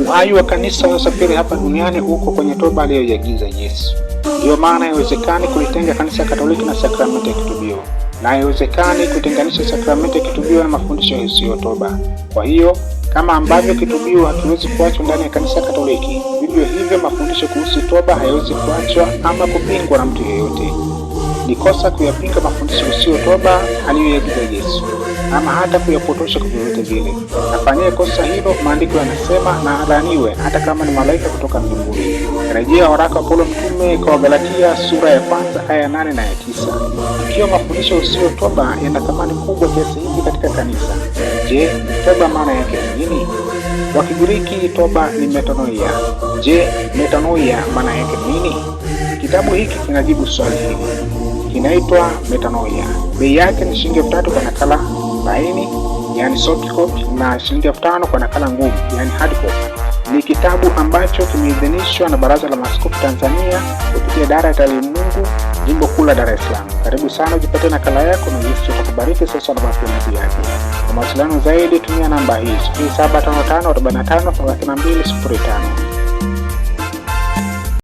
Uhai wa kanisa safiri hapa duniani huko kwenye toba aliyoiagiza Yesu. Ndiyo maana haiwezekani kulitenga kanisa Katoliki na sakramenti ya kitubio, na haiwezekani kutenganisha sakramenti ya kitubio na mafundisho yasiyo toba. Kwa hiyo kama ambavyo kitubio hakiwezi kuachwa ndani ya kanisa Katoliki, vivyo hivyo mafundisho kuhusu toba hayawezi kuachwa ama kupingwa na mtu yeyote. Ni kosa kuyapinga mafundisho yasiyo toba aliyoiagiza Yesu ama hata kuyapotosha kwa vyovyote vile. Afanyie kosa hilo, maandiko yanasema na adhaniwe, hata kama ni malaika kutoka mbinguni. Rejea waraka wa Paulo mtume kwa Wagalatia sura ya kwanza aya nane na ya tisa. Ikiwa mafundisho usiyo toba yana thamani kubwa kiasi hiki katika kanisa, je, toba maana yake ni nini? Kwa Kigiriki toba ni metanoia. Je, metanoia maana yake ni nini? Kitabu hiki kinajibu swali hili, kinaitwa Metanoia. Bei yake ni shilingi elfu tatu kwa nakala arobaini yani soft copy na shilingi elfu tano kwa nakala ngumu yani hard copy. Ni kitabu ambacho kimeidhinishwa na Baraza la Maaskofu Tanzania kupitia dara ya mungu Jimbo Kuu la Dar es Salaam. Karibu sana ujipatie nakala yako na Yesu atakubariki sasa na matumizi yake. Kwa mawasiliano zaidi tumia namba hizi 0755453205.